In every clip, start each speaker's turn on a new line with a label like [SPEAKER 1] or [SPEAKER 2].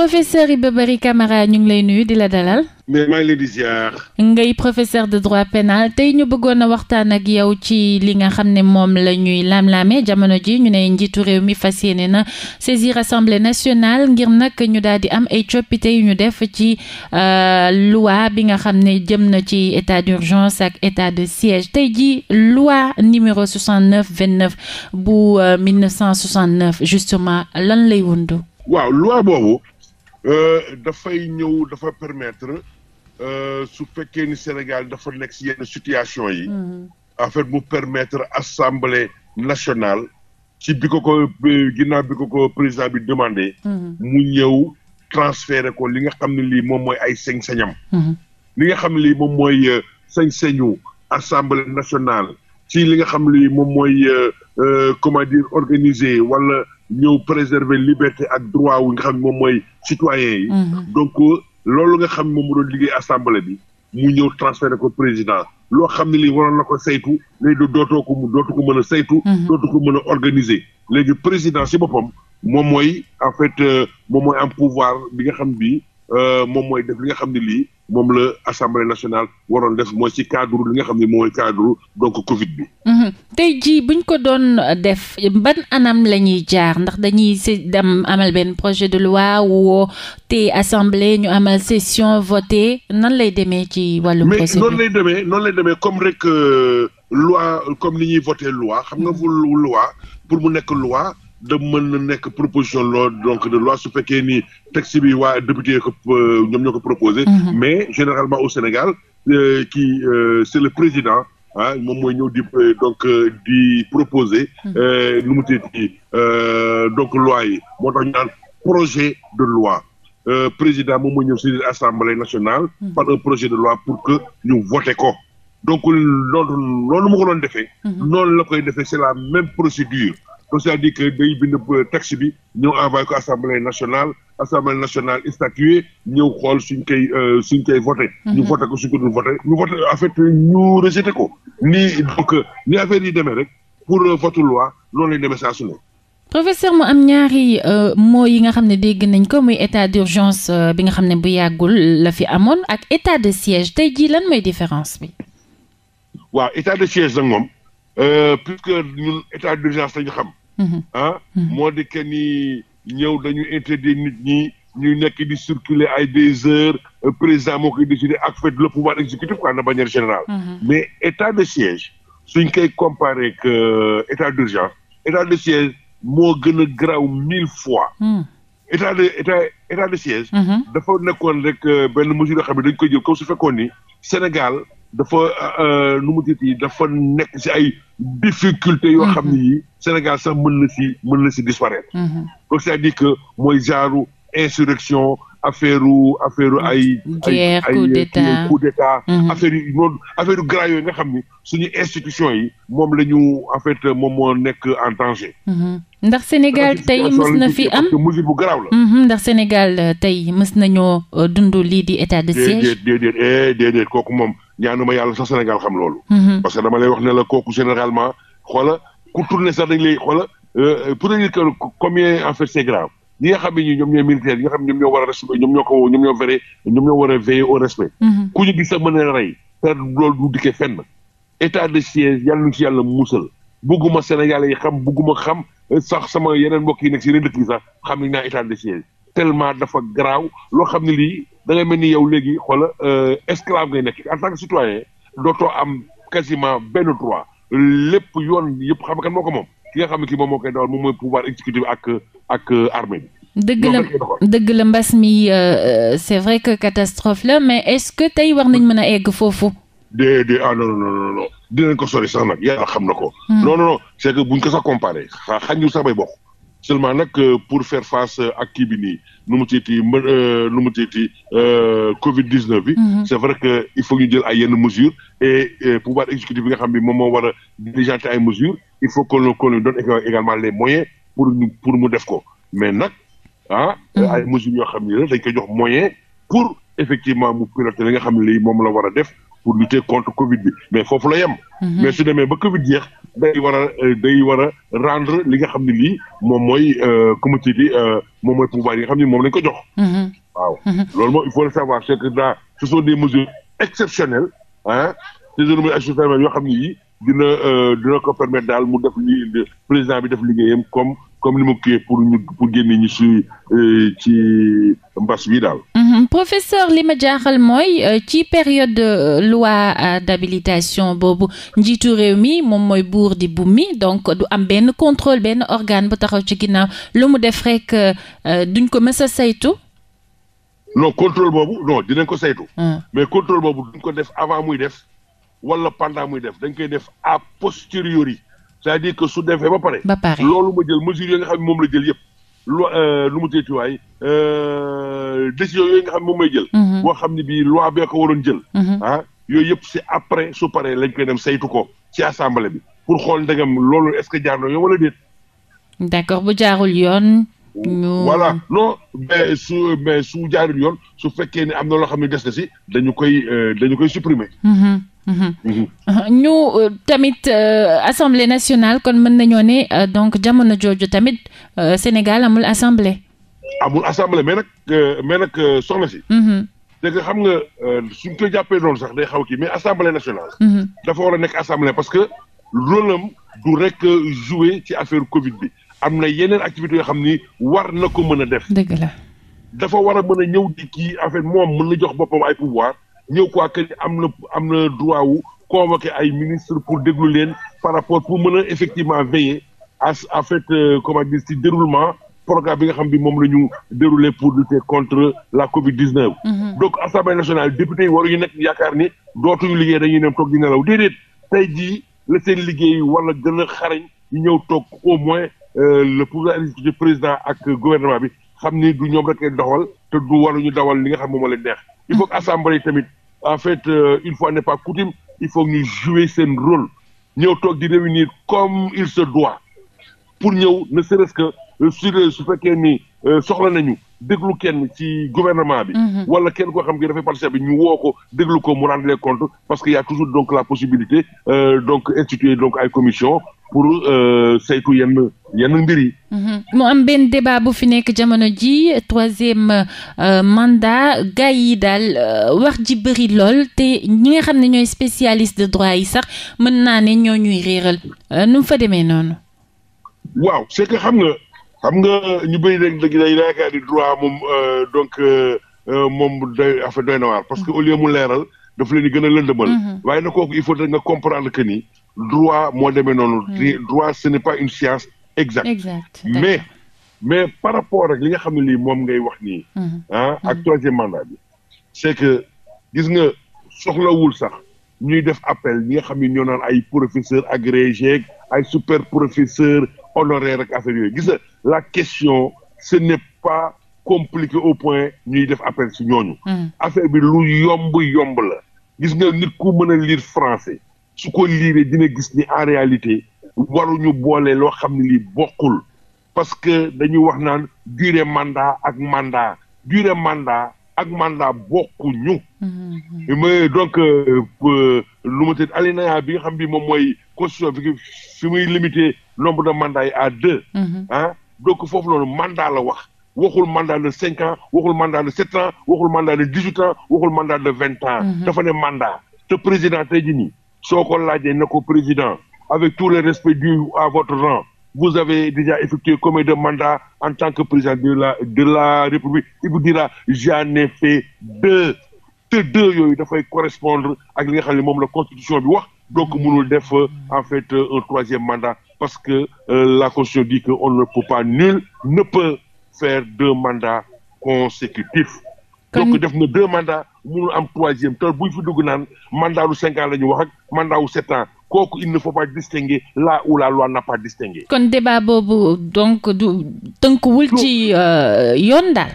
[SPEAKER 1] professeur Hibambari Camara ñu ngi lay nuyu di la dalal. mais ngay professeur de droit pénal tey ñu bëggoon a waxtaan ak yow ci li nga xam ne moom la ñuy laam-laamee jamono ji ñu ne njiitu réew mi fas yéene na saisir assemblée nationale ngir nag ñu daal di am ay coppite yu ñu def ci euh, loi bi nga xam ne jëm na ci état d'urgence ak état de siège tey ji loi numéro 69 29 bu 1969 euh, justement lan lay wundu
[SPEAKER 2] waaw loi boobu Euh, dafay ñëw dafa permetre euh, su fekkee ni Sénégal dafa nekk si yenn situation yi. en fait mu permettre assemblée nationale. ci bi ko ko ginnaaw bi ko ko président bi demandé. Mhm. mu ñëw transféré ko li nga xam ne lii moom mooy ay sañ-sañam. Mhm. li nga xam ne lii moom mooy euh, sañ-sañu assemblée nationale. ci li nga xam ne moom mooy comment dire organiser wala. ñëw préserver liberté ak droit wu nga xam moom mooy citoyen yi. Mhm. donc euh, loolu nga xam ne moom mu doon liggéey assemblée bi mu ñëw transféré ko président loo xam ne lii waroon na ko saytu léegi du dootoo ko dootu ko mën a saytu. Mhm. dootu ko mën a organiser léegi président si boppam moom mooy en fait euh, moom mooy am pouvoir bi nga xam bi euh, moom mooy def li nga xam ne lii. moom la assemblée nationale waroon def mooy ci cadre li nga xam ne mooy cadre donc Covid bi.
[SPEAKER 1] Mhm. tey jii buñ ko doon def ban anam la ñuy jaar ndax dañuy si dem amal benn projet de loi woo te assemblée ñu amal session voté nan lay demee ci wàllu. procédure mais noonu
[SPEAKER 2] lay demee noonu lay demee comme rek euh, loi comme ni ñuy voté loi xam nga mhm. fu loi pour mu nekk loi. da mën na nekk proposition loo donc de loi su fekkee ni texte bi waa député ko euh, ñoom ñoo ko proposé. Mm-hmm. mais généralement au Sénégal kii euh, euh, c'est le président ah moom mooy ñëw di donc di proposer. Mm-hmm. nu mu tëddee donc loi yi moo tax ñu projet de loi. Euh, président moom mooy ñëw ci assemblée nationale. Mm -hmm. par un projet de loi pour que ñu voté ko. donc loolu loolu mu ko doon defee. Mm-hmm. noonu la koy defee c'est la même procédure. donc c'est-à-dire que day bind texte bi ñëw envoyé ko assemblée nationale assemblée nationale statué ñëw xool suñ koy euh, suñ koy voté. Mhm. ñu voté ko suñ ko dul voté ñu ñu rejeté ko. nii donc ni affaire yi demee rek pour vote loi noonu lay demee saa su
[SPEAKER 1] professeur mu am ñaari euh, mots yi nga xam ne dégg nañ ko muy état d'urgence euh, bi nga xam ne bu yàggul la fi amoon ak état de siège tey jii lan mooy différence bi.
[SPEAKER 2] waaw état de siège nag moom puisque ñun état d'urgence ah mhm. Mhm. moo di que ni ñëw dañu interdire nit ñi ñu nekk di circuler ay des heures euh, président moo koy décider ak fait le pouvoir exécutif quoi de manière générale mhm. mais état de siège suñ koy comparer que euh, état d'urgence état de siège moo gën a graw mille fois état de état état de siège dafa nekkoon rek euh, benn mesure yoo dañ koy jël comme su fekkoon ni Sénégal dafa euh, euh, nu mu tiit yi dafa nekk ci ay difficultés yoo xam ni mhm. yi Sénégal sax mën na si mën na si disparaître mhm. donc c'est-à-dire que mooy genre insurrection affaire affaire ay ay ay coup d'état mhm. affaire yi noonu affaire gras yooyu nga xam ni suñu institution yi moom la ñu en fait moom moo nekk en danger
[SPEAKER 1] ndax Sénégal tey mës na fi am
[SPEAKER 2] musique bu garaaw la.
[SPEAKER 1] Mhm, ndax Sénégal euh, tey mës nañoo euh, dund lii di état de siège.
[SPEAKER 2] déedéet déedéet eh, déedéet kooku moom ñaanuma yàlla sax Sénégal xam loolu. Mhm. parce que dama lay wax ne la kooku généralement xoola ku tourné sax dañ lay xoola euh, pour dire que combien en fait c'est grave ñi nga xam ne ñoom ñooy militaire yi nga xam ne ñoom ñoo war a respect ñoom ñoo ko ñoom ñoo veree ñoom ñoo war a veiller au respect. Mhm. ku ñu gis sax mën a rey. te loolu du dikkee fenn état de siège yàlla ñu ci yàlla musal. bugguma sénégal yi xam bugguma xam eh, sax sama yeneen mbokk yi nekk si yeneen dëkk sax xam ni naa état de siège tellement dafa garaaw loo xam ne lii dangay mel ni yow léegi xoola euh, esclave ngay nekk en tant que citoyen dootoo am quasiment benn droit lépp yoon yëpp xam nga moo ko moom ki nga xam ne kii moom moo koy dawal moom mooy pouvoir exécutif ak ak euh, armée
[SPEAKER 1] bi dëgg la dëgg la mbas mi euh, c'est vrai que catastrophe la mais est-ce que tey war nañ mën a egg foofu
[SPEAKER 2] déedéet ah non non non non dinañ ko sori sax nag yàlla xam na ko. Hmm. non non non c' que buñ ko sax comparé xa xañul sax bay bokk. seulement nag euh, pour faire face euh, ak kii bi nii nu mu tiiti më euh, nu mu tiiti Covid 19 bi. Hmm. c' est vrai que il faut ñu jël ay yenn mesures. et pouvoir exécutif bi nga xam ni moom moo war a diligenté ay mesures il faut que qu'on lui donne également les moyens pour pour mu def ko mais nag ah. Hmm. ay mesures yoo xam ni la dañ koy jox moyen pour effectivement mu piloter li nga xam ne lii moom la war a def. pour lutter contre Covid bi mais foofu la yem. Mhm. mais su demee ba Covid jeex day war euh, war a rendre li nga xam ne lii moom mooy comité euh, bi euh, moom mooy pouvoir yi xam ni moom lañ ko jox. Mhm. waaw mhm. loolu moom il faut le savoir c'est que là ce sont des mesures exceptionnelles ah ces mesures xam ne yii dina dina ko daal mu def li président bi def liggéeyam comme. comme ni mu kiiyee pour ñu pour génne ñu si euh, ci mbas bi daal.
[SPEAKER 1] Mm-hmm. professeur li ma jaaxal mooy euh, ci période euh, loi d'habilitation boobu njiitu réew mi moom mooy buur di bu mi donc du am benn contrôle benn organe bu taxaw ci ginnaaw lu mu def rek duñ ko mës a saytu.
[SPEAKER 2] non contrôle boobu non dinañ ko saytu. Mm. mais contrôle boobu duñ ko def avant muy def wala pendant muy def dañ koy def a posteriori. c'est-à-dire que su defee ba pare. ba pare loolu ma jël mesures yi nga xam ne moom la jël yëpp. loi lu euh, mu teeti waay euh, décision yooyu nga xam ne moom may jël. Mhm. boo xam ne bii loi bee ko waroon jël. Mhm. ah yooyu yëpp si après su paree lañ koy dem saytu ko ci assemblée bi pour xool ndegam loolu est-ce que jaar na yoon wala déet.
[SPEAKER 1] d'accord bu jaarul yoon. ñu voilà
[SPEAKER 2] non mais su mais su jaarul yoon su fekkee ne am na loo xam ne des na si dañu koy euh, dañu koy supprimer. Mhm. Mm-hmm.
[SPEAKER 1] ñu euh, tamit euh, assemblée nationale kon mën nañoo ne euh, donc jamono jooju tamit Sénégal amul assemblée.
[SPEAKER 2] amul assemblée mais nag mais nag soxna si. dégg mm-hmm. xam nga suñ ko jàppee noonu sax day xaw kii mais assemblée nationale. Mm-hmm. dafa war a nekk assemblée parce que rôle am du rek jouer ci affaire Covid bi am na yeneen activités yoo xam ni war na ko mën a def. dëgg la dafa war a mën a ñëw di kii affaire moom mën na jox boppam ay pouvoir. ñëw quoi que am na am na droit wu convoquer ay ministre pour déglu leen par rapport pour mën a effectivement veiller à à fait euh, comment dire ci déroulement programme bi nga xam bi moom la ñu déroulé pour lutter contre la Covid 19. Mhm. donc assemblée nationale député yi waruñu nekk yaakaar ni dootuñu liggéey dañuy dem toog di nelaw déedéet tey jii la seen liggéey wala gën a xarañ ñëw toog au moins euh, le pouvoir exécutif président ak gouvernement bi xam ni du ñoom rek doxal te du waruñu dawal li nga xam moom la neex. il faut que tamit en fait euh, une fois n'est pas coutume il faut que ñu jouer seen rôle ñëw toog di réunir comme il se doit pour ñëw ne serait-ce que euh, sur euh, su fekkee ni soxla nañu déglu kenn ci gouvernement bi. Mhm. wala kenn koo xam ne dafay participer bi ñu woo ko déglu ko mu rendre les comptes parce que y a toujours donc la possibilité donc instituer donc ay commission pour euh, saytu yenn yenn mbir yi.
[SPEAKER 1] Mhm. mu am benn débat bu fi nekk jamono ji troisième euh, mandat gars yi daal euh, wax ji bëri lool te ñi nga xam ne ñooy spécialiste de droit yi sax mën naa ne ñoo ñuy réeral nu mu fa demee noonu.
[SPEAKER 2] waaw c'est que xam nga xam nga ñu bëri rek dëgg day yaakaar di droit moom donc moom day affaire doy na parce que au lieu mu leeral daf leen di gën a lëndëmal. Mhm. waaye na kooku il faut nga comprendre que ni. droit moo demee noonu. Hmm. droit ce n'est pas une science exact mais mais par rapport ak li nga xam ne lii moom ngay wax nii. Hmm. ah ak hmm. troisième mandat bi. c'est que gis nga soxlawul sax ñuy def appel ñi nga xam ne ñoo naan ay professeur agrégé ay super professeur honoraire ak affaire yooyu gis la question ce n'est pas compliqué au point ñuy def appel si ñooñu. affaire bi lu yomb yomb la. gis nga nit ku mën a lire français. su ko liiree dina gis ni en réalité waruñu boole loo xam ne lii bokkul parce que dañuy wax naan durée mandat ak mandat durée mandat ak mandat bokkuñu. Mm-hmm. mais donc euh, lu ma tëdd alinéa bi nga xam bi moom mooy constitution fi muy limité nombre de mandats yi à deux. Mm-hmm. Ah, donc foofu noonu mandat la wax. waxul mandat de cinq ans waxul mandat de sept ans waxul mandat de dix huit ans waxul mandat de vingt ans. Mm-hmm. dafa ne mandat te président tey jii soo ko laajee na ko président avec tout les respect dû à votre rang vous avez déjà effectué combien de mandats en tant que président de la la République il vous dira j'en ai fait deux te deux yooyu dafay correspondre ak li nga xam ne moom la constitution bi wax donc mënul def euh, en fait euh, un troisième mandat parce que euh, la constitution dit que on ne peut pas nul ne peut faire deux mandats consécutifs donc def na deux mandats mënul am troisième te buy fi dugg naan mandat wu cinq ans la ñu wax ak mandat wu sept kooku il ne faut pas distinguer là où la loi n'a pas distingué.
[SPEAKER 1] kon débat boobu donc du tënkuwul ci euh, yoon daal.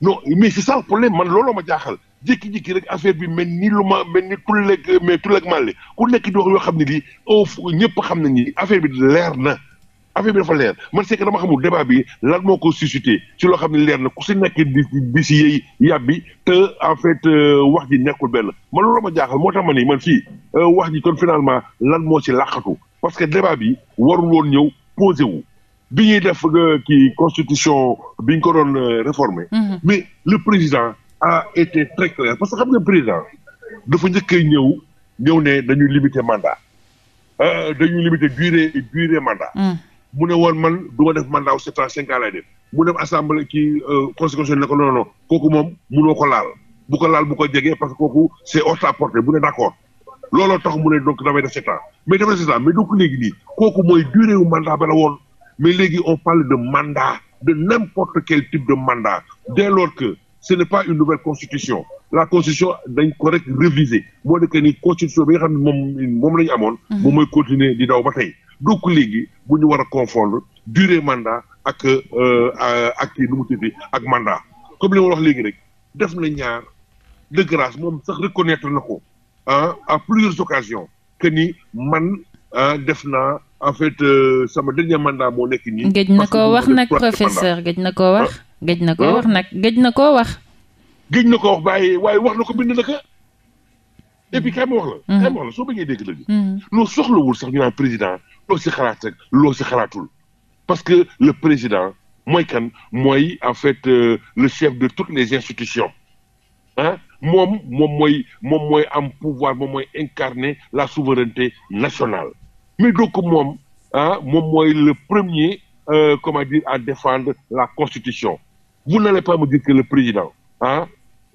[SPEAKER 2] non mais c'est ça le problème man looloo ma jaaxal jékki-jékki rek affaire bi mel ni lu ma mel ni tulleeg mais tulleeg màlle ku nekk di wax yoo xam ne lii au ñëpp xam nañ ni affaire bi di leer na. affaire bi dafa leer man c'est que dama xamul débat bi lan moo ko suscité ci loo xam ne leer na ku si nekk di di si yey bi te en fait euh, wax ji nekkul benn man loolu ma jaaxal moo tax ma ni man fii euh, wax ji kon finalement lan moo si làqatu parce que débat bi warul woon ñëw posé wu bi ñuy def euh, kii constitution bi ñu ko doon réformer mhm. mais le président a été très clair parce que xam nga président dafa njëkkee ñëw ñëw ne dañuy limiter mandat dañuy limiter durée durée mu ne woon man du ma def mandat sept ans cinq ans lay def mu dem assemblée ci euh, constitution ne ko kooku moom munoo ko laal bu ko laal bu ko jege parce que kooku c'est hors à portée bu ne d'accord looloo tax mu ne donc damay def sept ans mais damay sept ans mais donc léegi kooku mooy durée wu mandat ba woon mais léegi on parle de mandat de n'importe quel type de mandat dès lors que ce n'est pas une nouvelle constitution la constitution dañ ko rek réviser moo nekk ni constitution bi nga xam ne moom moom la ñu amoon mm-hmm. moom mooy continuer di daw ba tey donc léegi bu ñu war a confondre durée mandat ak euh, euh, ak kii nu mu tudd ak mandat comme li ma wax léegi rek def na ñaar de grâce moom sax reconnaître na ko ah à plusieurs occasions que ni man def naa en fait euh, sama dernier mandat moo nekk nii. gëj na ko wax nag professeur
[SPEAKER 1] gëj na ko wax. gëj na ko wax
[SPEAKER 2] nag gëj na ko wax. géej na ko wax bàyyi waaye wax na ko bind na ko. et puis wax la. Mm-hmm. kaay wax la soo bëggee dégg dëgg. loo mm-hmm. soxlawul sax ñu naan président. loo si xalaat loo si xalaatul parce que le président mooy kan mooy en fait euh, le chef de toutes les institutions ah moom moom mooy moom mooy am pouvoir mooy incarner la souveraineté nationale mais donc moom ah moom mooy le premier euh, comment dire à défendre la constitution vous n'allez pas me dire que le président ah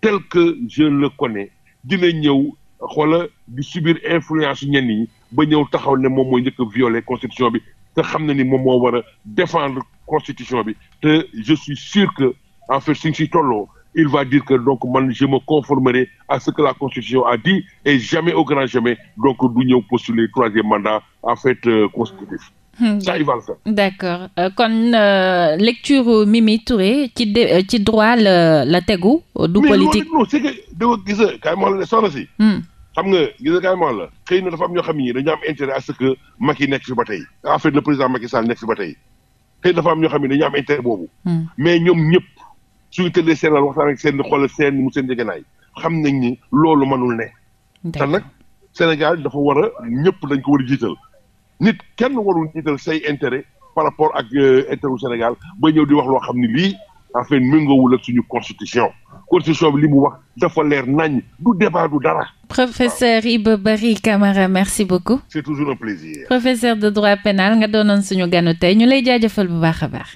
[SPEAKER 2] tel que je le connais dina ñëw xoola di subir influence ñenn yi ba ñëw taxaw ne moom mooy njëkk a violer constitution bi te xam na ni moom moo war a défendre constitution bi te je suis sûr que en fait suñ si tolloo il va dire que donc man je me conformerai à ce que la constitution a dit et jamais au grand jamais donc du ñëw postuler troisième mandat en fait euh, constitutif hmm. ça y va ça.
[SPEAKER 1] d'accord euh, kon euh, lecture Mimi Touré ci euh, ci droit la la tegu. du politique
[SPEAKER 2] mais loolu non c'est que da nga gis kay ma la si. Hmm. xam nga gis la xëy na dafa am ñoo xam ni dañu am intérêt à ce que Macky nekk fi ba tey en fait le président Macky Sall dafa am ñoo xam ni dañu am intérêt boobu. Hmm. mais ñoom ñëpp suñu tëddee seen lal waxtaan ak seen xool seen mu seen jegenaay xam nañ ni loolu manul ne. te nag Sénégal dafa war a ñëpp dañ ko war a jiital nit kenn warul jiital say intérêt par rapport ak euh, intérêt Sénégal ba ñëw di wax loo xam ni lii en fait méngoowul ak suñu constitution. constitution bi li mu wax dafa leer nañ du débat du dara.
[SPEAKER 1] professeur Iba Barry Camara merci
[SPEAKER 2] de
[SPEAKER 1] droit pénal nga doonoon suñu ganu ñu lay jaajëfal bu baax a baax.